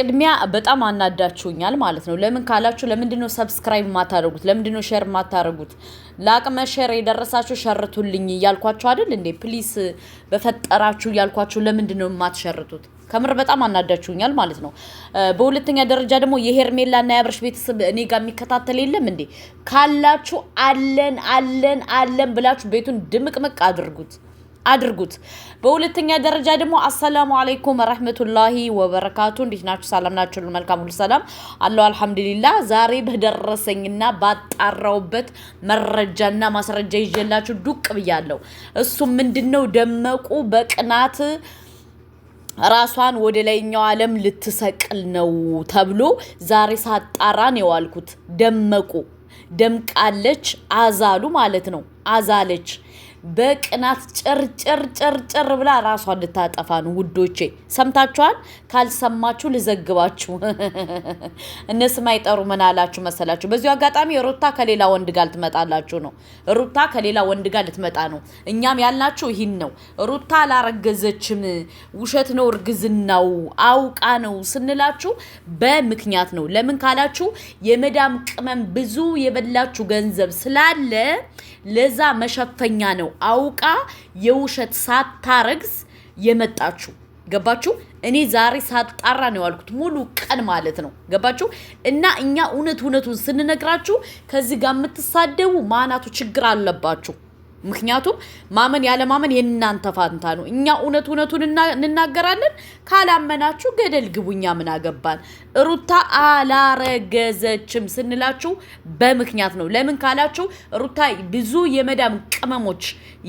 ቅድሚያ በጣም አናዳችሁኛል ማለት ነው። ለምን ካላችሁ ለምንድነው ሰብስክራይብ ማታደርጉት? ለምንድነው ሼር ማታደርጉት? ለአቅመ ሼር የደረሳችሁ ሸርቱልኝ እያልኳችሁ አይደል እንዴ? ፕሊስ በፈጠራችሁ እያልኳችሁ ለምንድነው ነው የማትሸርቱት? ከምር በጣም አናዳችሁኛል ማለት ነው። በሁለተኛ ደረጃ ደግሞ የሄርሜላና የአብርሽ ቤተሰብ እኔ ጋር የሚከታተል የለም እንዴ? ካላችሁ አለን አለን አለን ብላችሁ ቤቱን ድምቅምቅ አድርጉት። አድርጉት። በሁለተኛ ደረጃ ደግሞ አሰላሙ አለይኩም ወረህመቱላሂ ወበረካቱ። እንዴት ናችሁ? ሰላም ናችሁ? መልካም ሁሉ ሰላም አለው። አልሐምዱሊላ። ዛሬ በደረሰኝና ባጣራውበት መረጃና ማስረጃ ይዤላችሁ ዱቅ ብያለሁ። እሱም ምንድን ነው ደመቁ በቅናት ራሷን ወደ ላይኛው ዓለም ልትሰቅል ነው ተብሎ ዛሬ ሳጣራን የዋልኩት ደመቁ ደምቃለች፣ አዛሉ ማለት ነው አዛለች በቅናት ጭርጭርጭርጭር ብላ ራሷ ልታጠፋ ነው ውዶቼ። ሰምታችኋል? ካልሰማችሁ ልዘግባችሁ። እነ ስም አይጠሩ ምን አላችሁ መሰላችሁ? በዚሁ አጋጣሚ ሩታ ከሌላ ወንድ ጋር ልትመጣላችሁ ነው። ሩታ ከሌላ ወንድ ጋር ልትመጣ ነው። እኛም ያልናችሁ ይህን ነው። ሩታ አላረገዘችም፣ ውሸት ነው እርግዝናው፣ አውቃ ነው ስንላችሁ በምክንያት ነው። ለምን ካላችሁ የመዳም ቅመም ብዙ የበላችሁ ገንዘብ ስላለ ለዛ መሸፈኛ ነው አውቃ የውሸት ሳታረግዝ የመጣችሁ ገባችሁ? እኔ ዛሬ ሳጣራ ነው ያልኩት፣ ሙሉ ቀን ማለት ነው። ገባችሁ? እና እኛ እውነት እውነቱን ስንነግራችሁ ከዚህ ጋር የምትሳደቡ ማናቱ ችግር አለባችሁ። ምክንያቱም ማመን ያለማመን የእናንተ ፋንታ ነው። እኛ እውነት እውነቱን እንናገራለን። ካላመናችሁ ገደል ግቡኛ ምን አገባን? ሩታ አላረገዘችም ስንላችሁ በምክንያት ነው። ለምን ካላችሁ ሩታ ብዙ የመዳም ቅመሞች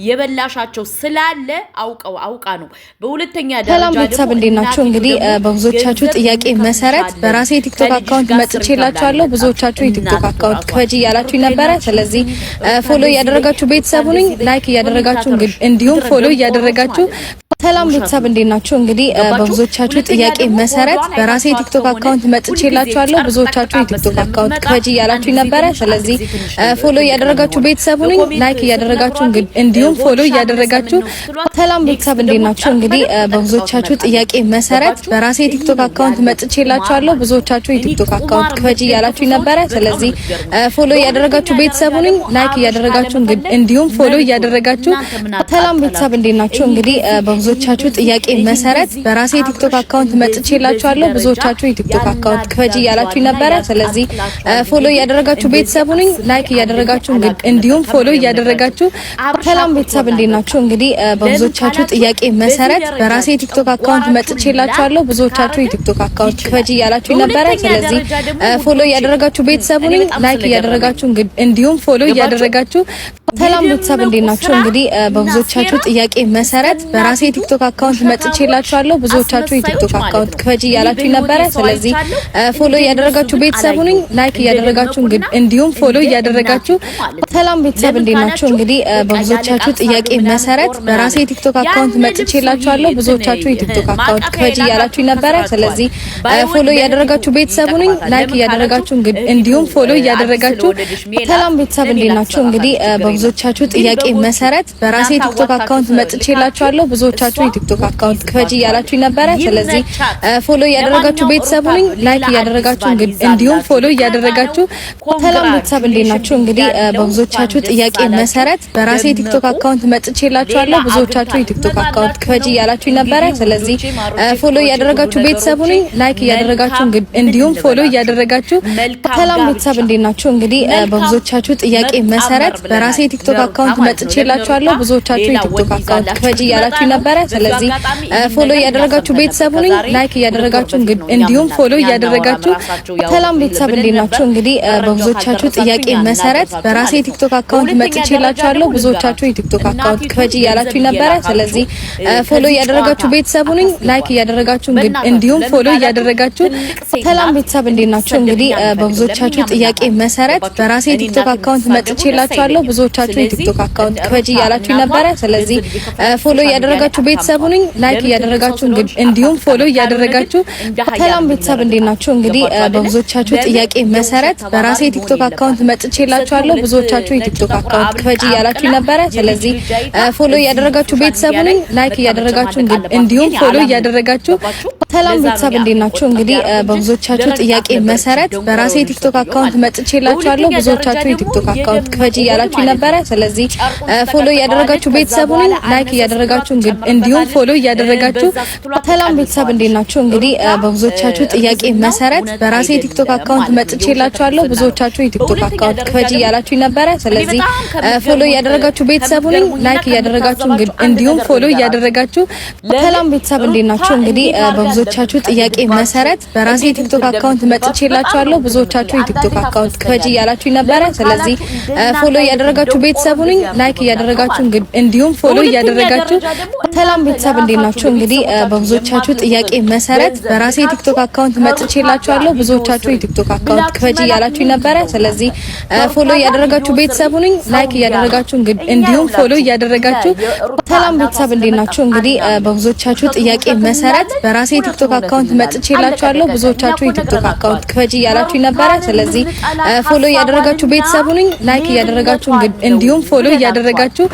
የበላሻቸው ስላለ አውቀው አውቃ ነው። በሁለተኛ ደረጃ ሰላም ቤተሰብ እንዴት ናቸው? እንግዲህ በብዙዎቻችሁ ጥያቄ መሰረት በራሴ የቲክቶክ አካውንት መጥቼላችኋለሁ። ብዙዎቻችሁ የቲክቶክ አካውንት ክፈጅ እያላችሁ ነበረ። ስለዚህ ፎሎ እያደረጋችሁ ቤተሰቡ ሁኑ። አድርሱኝ፣ ላይክ እያደረጋችሁ እንዲሁም ፎሎ እያደረጋችሁ ሰላም ቤተሰብ እንዴት ናችሁ? እንግዲህ በብዙዎቻችሁ ጥያቄ መሰረት በራሴ የቲክቶክ አካውንት መጥቼላችኋለሁ። ብዙዎቻችሁ የቲክቶክ አካውንት ክፈጂ እያላችሁኝ ነበረ። ስለዚህ ፎሎ እያደረጋችሁ ቤተሰብ ሁኑኝ፣ ላይክ እያደረጋችሁ እንዲሁም ፎሎ እያደረጋችሁ ሰላም ቤተሰብ እንዴት ናችሁ? እንግዲህ በብዙዎቻችሁ ጥያቄ መሰረት በራሴ የቲክቶክ አካውንት መጥቼላችኋለሁ። ብዙዎቻችሁ የቲክቶክ አካውንት ክፈጂ እያላችሁኝ ነበረ። ስለዚህ ፎሎ እያደረጋችሁ ቤተሰብ ሁኑኝ፣ ላይክ እያደረጋችሁ እንዲሁም ፎሎ ፎሎ እያደረጋችሁ ሰላም ቤተሰብ እንዴት ናችሁ? እንግዲህ በብዙዎቻችሁ ጥያቄ መሰረት በራሴ የቲክቶክ አካውንት መጥቼላችኋለሁ። ብዙዎቻችሁ የቲክቶክ አካውንት ክፈጅ እያላችሁ ነበረ። ስለዚህ ፎሎ እያደረጋችሁ ቤተሰብ ሁኑኝ፣ ላይክ እያደረጋችሁ እንዲሁም ፎሎ እያደረጋችሁ ሰላም ቤተሰብ እንዴት ናችሁ? እንግዲህ በብዙዎቻችሁ ጥያቄ መሰረት በራሴ የቲክቶክ አካውንት መጥቼላችኋለሁ። ብዙዎቻችሁ የቲክቶክ አካውንት ክፈጅ እያላችሁ ነበረ። ስለዚህ ፎሎ እያደረጋችሁ ቤተሰብ ሁኑኝ፣ ላይክ እያደረጋችሁ እንዲሁም ፎሎ እያደረጋችሁ ሰላም ቤተሰብ እንዴት ናችሁ? እንግዲህ በብዙዎቻችሁ ጥያቄ መሰረት በራሴ የቲክቶክ አካውንት መጥቼላችኋለሁ። ብዙዎቻችሁ የቲክቶክ አካውንት ክፈጅ እያላችሁ ነበረ። ስለዚህ ፎሎ እያደረጋችሁ ቤተሰብ ሁኑኝ፣ ላይክ እያደረጋችሁ እንዲሁም ፎሎ እያደረጋችሁ። ሰላም ቤተሰብ እንዴት ናችሁ? እንግዲህ በብዙዎቻችሁ ጥያቄ መሰረት በራሴ የቲክቶክ አካውንት መጥቼላችኋለሁ። ብዙዎቻችሁ የቲክቶክ አካውንት ክፈጅ እያላችሁ ነበረ። ስለዚህ ፎሎ እያደረጋችሁ ቤተሰብ ሁኑኝ፣ ላይክ እያደረጋችሁ እንዲሁም ፎሎ እያደረጋችሁ። ሰላም ቤተሰብ እንዴት ናችሁ? እንግዲህ በብዙዎቻችሁ ጥያቄ መሰረት በራሴ የቲክቶክ አካውንት መጥቼላችኋለሁ። ብዙዎቻችሁ የቲክቶክ አካውንት ክፈጅ እያላችሁ ነበረ። ስለዚህ ፎሎ እያደረጋችሁ ቤተሰብ ሁኝ፣ ላይክ እያደረጋችሁ እንዲሁም ፎሎ እያደረጋችሁ። ሰላም ቤተሰብ እንዴት ናችሁ? እንግዲህ በብዙዎቻችሁ ጥያቄ መሰረት በራሴ የቲክቶክ አካውንት መጥቼላችኋለሁ። ብዙዎቻችሁ የቲክቶክ አካውንት ክፈጅ እያላችሁ ነበረ። ስለዚህ ፎሎ እያደረጋችሁ ቤተሰብ ሁኝ፣ ላይክ እያደረጋችሁ እንዲሁም ፎሎ እያደረጋችሁ። ሰላም ቤተሰብ እንዴት ናችሁ? እንግዲህ በብዙዎቻችሁ ጥያቄ መሰረት በራሴ የቲክቶክ አካውንት መጥቼላችኋለሁ። ብዙዎቻችሁ የቲክቶክ አካውንት ክፈጅ እያላችሁ ነበረ። ስለዚህ ፎሎ እያደረጋችሁ ቤተሰቡ ነኝ ላይክ እያደረጋችሁ እንዲሁም ፎሎ እያደረጋችሁ ሰላም ቤተሰብ እንዴት ናችሁ? እንግዲህ በብዙዎቻችሁ ጥያቄ መሰረት በራሴ የቲክቶክ አካውንት መጥቼላችኋለሁ። ብዙዎቻችሁ የቲክቶክ አካውንት ክፈጅ እያላችሁ ነበረ። ስለዚህ ፎሎ እያደረጋችሁ ቤተሰቡ ነኝ ላይክ እያደረጋችሁ እንዲሁም ፎሎ እያደረጋችሁ ሰላም ቤተሰብ እንዴት ናችሁ? እንግዲህ በብዙዎቻችሁ ጥያቄ መሰረት በራሴ የቲክቶክ አካውንት መጥቼላችኋለሁ። ብዙዎቻ ብዙዎቻችሁ ቲክቶክ አካውንት ክፈች እያላችሁ ነበረ። ስለዚህ ፎሎ እያደረጋችሁ ቤተሰቡ ነኝ ላይክ እያደረጋችሁ እንዲሁም ፎሎ እያደረጋችሁ ሰላም ቤተሰብ እንዴት ናችሁ? እንግዲህ በብዙዎቻችሁ ጥያቄ መሰረት በራሴ ቲክቶክ አካውንት መጥቼላችኋለሁ። ብዙዎቻችሁ የቲክቶክ አካውንት ክፈች እያላችሁ ነበረ። ስለዚህ ፎሎ እያደረጋችሁ ቤተሰቡ ነኝ ላይክ እያደረጋችሁ እንዲሁም ፎሎ እያደረጋችሁ ሰላም ቤተሰብ እንዴት ናችሁ? እንግዲህ በብዙዎቻችሁ ጥያቄ መሰረት በራሴ ቲክቶክ አካውንት መጥቼላችኋለሁ። ብዙዎቻችሁ የቲክቶክ አካውንት ክፈች እያላችሁ ነበረ ነበረ። ስለዚህ ፎሎ እያደረጋችሁ ቤተሰቡ ላይክ እያደረጋችሁ እንዲሁም ፎሎ እያደረጋችሁ ሰላም ቤተሰብ እንዴት ናችሁ? እንግዲህ በብዙዎቻችሁ ጥያቄ መሰረት በራሴ የቲክቶክ አካውንት መጥቼላችኋለሁ። ብዙዎቻችሁ የቲክቶክ አካውንት ክፈጅ እያላችሁ ነበረ። ስለዚህ ፎሎ እያደረጋችሁ ቤተሰቡ ላይክ እያደረጋችሁ እንዲሁም ፎሎ እያደረጋችሁ ሰላም ቤተሰብ እንዴት ናችሁ? እንግዲህ በብዙዎቻችሁ ጥያቄ መሰረት በራሴ የቲክቶክ አካውንት መጥቼላችኋለሁ። ብዙዎቻችሁ የቲክቶክ አካውንት ክፈጅ እያላችሁ ነበረ። ስለዚህ ፎሎ እያደረጋችሁ ቤተሰብ ሁኑኝ። ላይክ እያደረጋችሁ እንዲሁም ፎሎ እያደረጋችሁ ሰላም ቤተሰብ እንዴት ናችሁ? እንግዲህ በብዙዎቻችሁ ጥያቄ መሰረት በራሴ የቲክቶክ አካውንት መጥቼላችኋለሁ። ብዙዎቻችሁ የቲክቶክ አካውንት ክፈጅ እያላችሁ ነበረ። ስለዚህ ፎሎ እያደረጋችሁ ቤተሰብ ሁኑኝ። ላይክ እያደረጋችሁ እንዲሁም ፎሎ እያደረጋችሁ ሰላም ቤተሰብ እንዴት ናችሁ? እንግዲህ በብዙዎቻችሁ ጥያቄ መሰረት በራሴ የቲክቶክ አካውንት መጥቼላችኋለሁ። ብዙዎቻችሁ የቲክቶክ አካውንት ክፈጅ እያላችሁ ነበረ። ስለዚህ ፎሎ እያደረጋችሁ ቤተሰብ ሁኑኝ። ላይክ እያደረጋችሁ እንዲሁም ፎሎ እያደረጋችሁ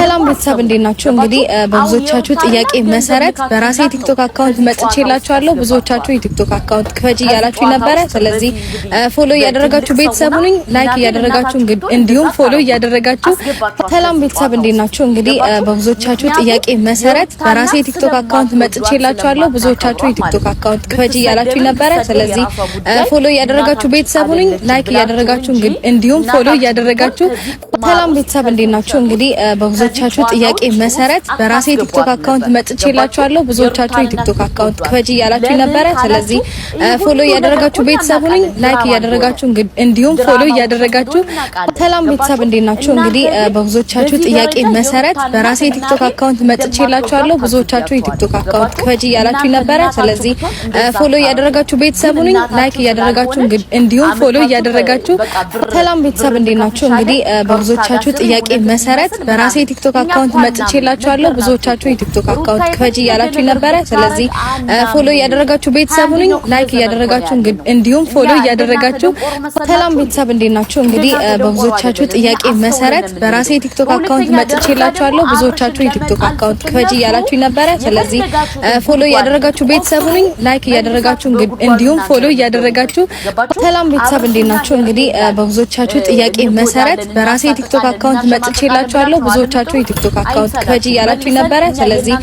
ሰላም ቤተሰብ እንዴት ናችሁ? እንግዲህ በብዙዎቻችሁ ጥያቄ መሰረት በራሴ የቲክቶክ አካውንት መጥቼላችኋለሁ። ብዙዎቻችሁ የቲክቶክ አካውንት ክፈጅ እያላችሁ ነበረ። ስለዚህ ፎሎ እያደረጋችሁ ቤተሰብ ነኝ፣ ላይክ እያደረጋችሁ እንዲሁም ፎሎ እያደረጋችሁ ሰላም ቤተሰብ እንዴት ናችሁ? እንግዲህ በብዙዎቻችሁ ጥያቄ መሰረት በራሴ የቲክቶክ አካውንት መጥቼላችኋለሁ። ብዙዎቻችሁ የቲክቶክ አካውንት ክፈጅ እያላችሁ ነበረ። ስለዚህ ፎሎ እያደረጋችሁ ቤተሰብ ነኝ፣ ላይክ እያደረጋችሁ እንዲሁም ፎሎ እያደረጋችሁ ሰላም ቤተሰብ እንዴት ናችሁ? እንግዲህ በብዙዎቻችሁ ጥያቄ መሰረት በራሴ ቲክቶክ አካውንት መጥቼላችኋለሁ። ብዙዎቻችሁ የቲክቶክ አካውንት ክፈጅ እያላችሁ ነበረ። ስለዚህ ፎሎ እያደረጋችሁ ቤተሰብ ነኝ፣ ላይክ እያደረጋችሁ እንዲሁም ፎሎ እያደረጋችሁ። ሰላም ቤተሰብ እንዴት ናችሁ? እንግዲህ በብዙዎቻችሁ ጥያቄ መሰረት በራሴ ቲክቶክ አካውንት መጥቼላችኋለሁ። ብዙዎቻችሁ የቲክቶክ አካውንት ክፈጅ እያላችሁ ነበረ። ስለዚህ ፎሎ እያደረጋችሁ ቤተሰብ ነኝ፣ ላይክ እያደረጋችሁ እንዲሁም ፎሎ እያደረጋችሁ። ሰላም ቤተሰብ እንዴት ናችሁ? እንግዲህ በብዙዎቻችሁ ጥያቄ መሰረት በራሴ የቲክቶክ አካውንት መጥቼላችኋለሁ። ብዙዎቻችሁ የቲክቶክ አካውንት ክፈጅ እያላችሁ ነበረ። ስለዚህ ፎሎ እያደረጋችሁ ቤተሰብ ሁኑኝ፣ ላይክ እያደረጋችሁ እንዲሁም ፎሎ እያደረጋችሁ። ሰላም ቤተሰብ እንዴት ናችሁ? እንግዲህ በብዙዎቻችሁ ጥያቄ መሰረት በራሴ የቲክቶክ አካውንት መጥቼላችኋለሁ። ብዙዎቻችሁ የቲክቶክ አካውንት ክፈጅ እያላችሁ ነበረ። ስለዚህ ፎሎ እያደረጋችሁ ቤተሰብ ሁኑኝ፣ ላይክ እያደረጋችሁ እንዲሁም ፎሎ እያደረጋችሁ። ሰላም ቤተሰብ እንዴት ናችሁ? እንግዲህ በብዙዎቻችሁ ጥያቄ መሰረት በራሴ የቲክቶክ አካውንት መጥቼላችኋለሁ። ብዙዎቻችሁ የቲክቶክ አካውንት ከጂ እያላችሁ ነበረ። ስለዚህ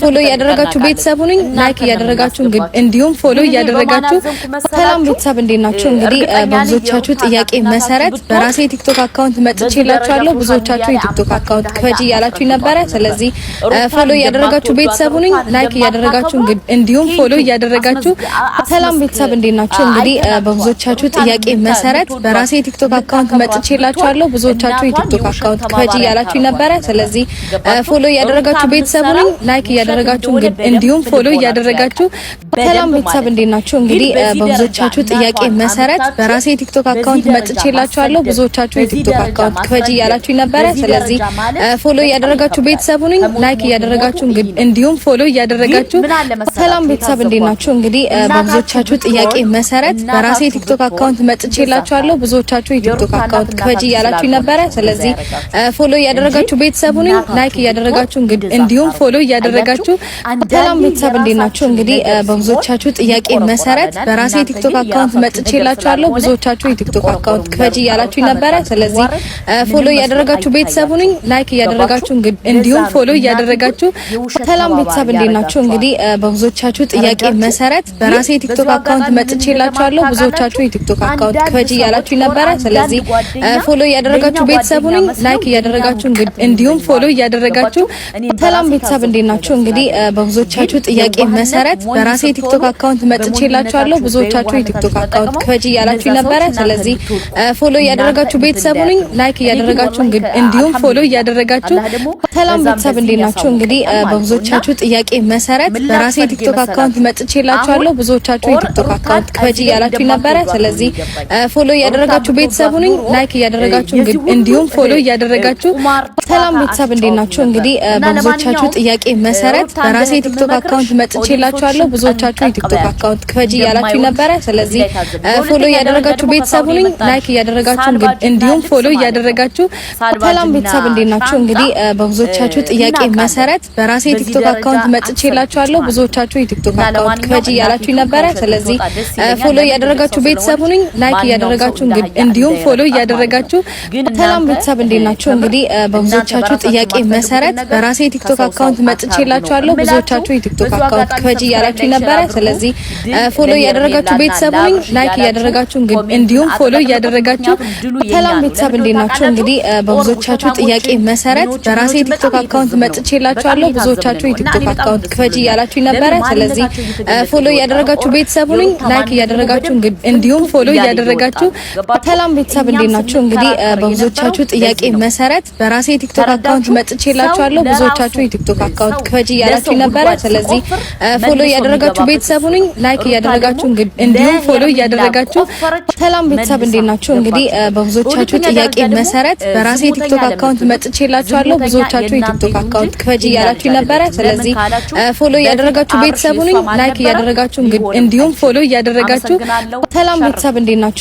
ፎሎ እያደረጋችሁ ቤተሰብ ሁኑኝ፣ ላይክ እያደረጋችሁ እንዲሁም ፎሎ እያደረጋችሁ። ሰላም ቤተሰብ እንዴት ናችሁ? እንግዲህ በብዙዎቻችሁ ጥያቄ መሰረት በራሴ የቲክቶክ አካውንት መጥቼላችኋለሁ። ብዙዎቻችሁ የቲክቶክ አካውንት ከጂ እያላችሁ ነበረ። ስለዚህ ፎሎ እያደረጋችሁ ቤተሰብ ሁኑኝ፣ ላይክ እያደረጋችሁ እንዲሁም ፎሎ እያደረጋችሁ። ሰላም ቤተሰብ እንዴት ናችሁ? እንግዲህ በብዙዎቻችሁ ጥያቄ መሰረት በራሴ የቲክቶክ አካውንት መጥቼላችኋለሁ። ብዙዎቻችሁ ያላችሁ የቲክቶክ አካውንት ከጂ እያላችሁ ነበረ። ስለዚህ ፎሎ እያደረጋችሁ ቤተሰቡ ላይክ እያደረጋችሁ እንዲሁም ፎሎ እያደረጋችሁ ሰላም ቤተሰብ እንዴት ናችሁ? እንግዲህ በብዙዎቻችሁ ጥያቄ መሰረት በራሴ የቲክቶክ አካውንት መጥቼላችኋለሁ። ብዙዎቻችሁ የቲክቶክ አካውንት ክፈጂ እያላችሁ ነበረ። ስለዚህ ፎሎ እያደረጋችሁ ቤተሰቡ ላይክ እያደረጋችሁ እንዲሁም ፎሎ እያደረጋችሁ ሰላም ቤተሰብ እንዴት ናችሁ? እንግዲህ በብዙዎቻችሁ ጥያቄ መሰረት በራሴ የቲክቶክ አካውንት መጥቼላችኋለሁ። ብዙዎቻችሁ የቲክቶክ አካውንት ክፈጂ እያላችሁ ነበረ ስለዚህ ፎሎ እያደረጋችሁ ቤተሰቡ ነኝ ላይክ እያደረጋችሁ እንዲሁም ፎሎ እያደረጋችሁ ሰላም ቤተሰብ እንዴት ናችሁ? እንግዲህ በብዙዎቻችሁ ጥያቄ መሰረት በራሴ የቲክቶክ አካውንት መጥቼላችኋለሁ። ብዙዎቻችሁ የቲክቶክ አካውንት ክፈጅ እያላችሁ ነበረ። ስለዚህ ፎሎ እያደረጋችሁ ቤተሰቡ ነኝ ላይክ እያደረጋችሁ እንዲሁም ፎሎ እያደረጋችሁ ሰላም ቤተሰብ እንዴት ናችሁ? እንግዲህ በብዙዎቻችሁ ጥያቄ መሰረት በራሴ የቲክቶክ አካውንት መጥቼላችኋለሁ። ብዙዎቻችሁ የቲክቶክ አካውንት ክፈጅ እያላችሁ ነበረ። ስለዚህ ፎሎ እያደረጋችሁ ቤተሰቡን ላይክ እያደረጋችሁ እንዲሁም ፎሎ እያደረጋችሁ ሰላም ቤተሰብ እንዴት ናችሁ? እንግዲህ በብዙዎቻችሁ ጥያቄ መሰረት በራሴ የቲክቶክ አካውንት መጥቼላችኋለሁ። ብዙዎቻችሁ የቲክቶክ አካውንት ክፈጅ እያላችሁ ነበረ። ስለዚህ ፎሎ እያደረጋችሁ ቤተሰቡን ላይክ እያደረጋችሁ እንዲሁም ፎሎ እያደረጋችሁ ሰላም ቤተሰብ እንዴት ናችሁ? እንግዲህ በብዙዎቻችሁ ጥያቄ መሰረት በራሴ የቲክቶክ አካውንት መጥቼላችኋለሁ። ብዙዎቻችሁ የቲክቶክ አካውንት ክፈጅ እያላችሁ ነበረ። ስለዚህ ፎሎ እያደረጋችሁ ቤተሰቡን ላይክ እያደረጋችሁ እንዲሁም ፎሎ እያደረጋችሁ ሰላም ቤተሰብ እንዴት ናችሁ? እንግዲህ በብዙዎቻችሁ ጥያቄ መሰረት በራሴ የቲክቶክ አካውንት መጥቼላችኋለሁ። ብዙዎቻችሁ የቲክቶክ አካውንት ክፈጅ እያላችሁ ነበረ። ስለዚህ ፎሎ እያደረጋችሁ ቤተሰብ ሁኑኝ፣ ላይክ እያደረጋችሁ እንዲሁም ፎሎ እያደረጋችሁ ሰላም ቤተሰብ እንዴት ናችሁ? እንግዲህ በብዙዎቻችሁ ጥያቄ መሰረት በራሴ የቲክቶክ አካውንት መጥቼላችኋለሁ። ብዙዎቻችሁ የቲክቶክ አካውንት ክፈጅ እያላችሁ ነበረ። ስለዚህ ፎሎ እያደረጋችሁ ቤተሰብ ሁኑኝ፣ ላይክ እያደረጋችሁ እንዲሁም ፎሎ እያደረጋችሁ ሰላም ቤተሰብ እንዴት ናችሁ? እንግዲህ በብዙዎቻችሁ ጥያቄ መሰረት በራሴ የቲክቶክ አካውንት መጥቼላችኋለሁ። ብዙዎቻችሁ የቲክቶክ አካውንት ክፈጅ እያላችሁ ነበረ። ስለዚህ ፎሎ እያደረጋችሁ ቤተሰቡኝ፣ ላይክ እያደረጋችሁ እንዲሁም ፎሎ እያደረጋችሁ። ሰላም ቤተሰብ እንዴት ናችሁ? እንግዲህ በብዙዎቻችሁ ጥያቄ መሰረት በራሴ የቲክቶክ አካውንት መጥቼላችኋለሁ። ብዙዎቻችሁ የቲክቶክ አካውንት ክፈጅ እያላችሁ ነበረ። ስለዚህ ፎሎ እያደረጋችሁ ቤተሰቡኝ፣ ላይክ እያደረጋችሁ እንዲሁም ፎሎ እያደረጋችሁ። ሰላም ቤተሰብ እንዴት ናችሁ? እንግዲህ በብዙዎቻ ባነሳችሁ ጥያቄ መሰረት በራሴ የቲክቶክ አካውንት መጥቼላችኋለሁ። ብዙዎቻችሁ የቲክቶክ አካውንት ክፈጅ እያላችሁ ነበረ። ስለዚህ ፎሎ እያደረጋችሁ ቤተሰብ ሁኑኝ፣ ላይክ እያደረጋችሁ እንዲሁም ፎሎ እያደረጋችሁ። ሰላም ቤተሰብ እንዴት ናችሁ? እንግዲህ በብዙዎቻችሁ ጥያቄ መሰረት በራሴ የቲክቶክ አካውንት መጥቼላችኋለሁ። ብዙዎቻችሁ የቲክቶክ አካውንት ክፈጅ እያላችሁ ነበረ። ስለዚህ ፎሎ እያደረጋችሁ ቤተሰብ ሁኑኝ፣ ላይክ እያደረጋችሁ እንዲሁም ፎሎ እያደረጋችሁ። ሰላም ቤተሰብ እንዴት ናችሁ?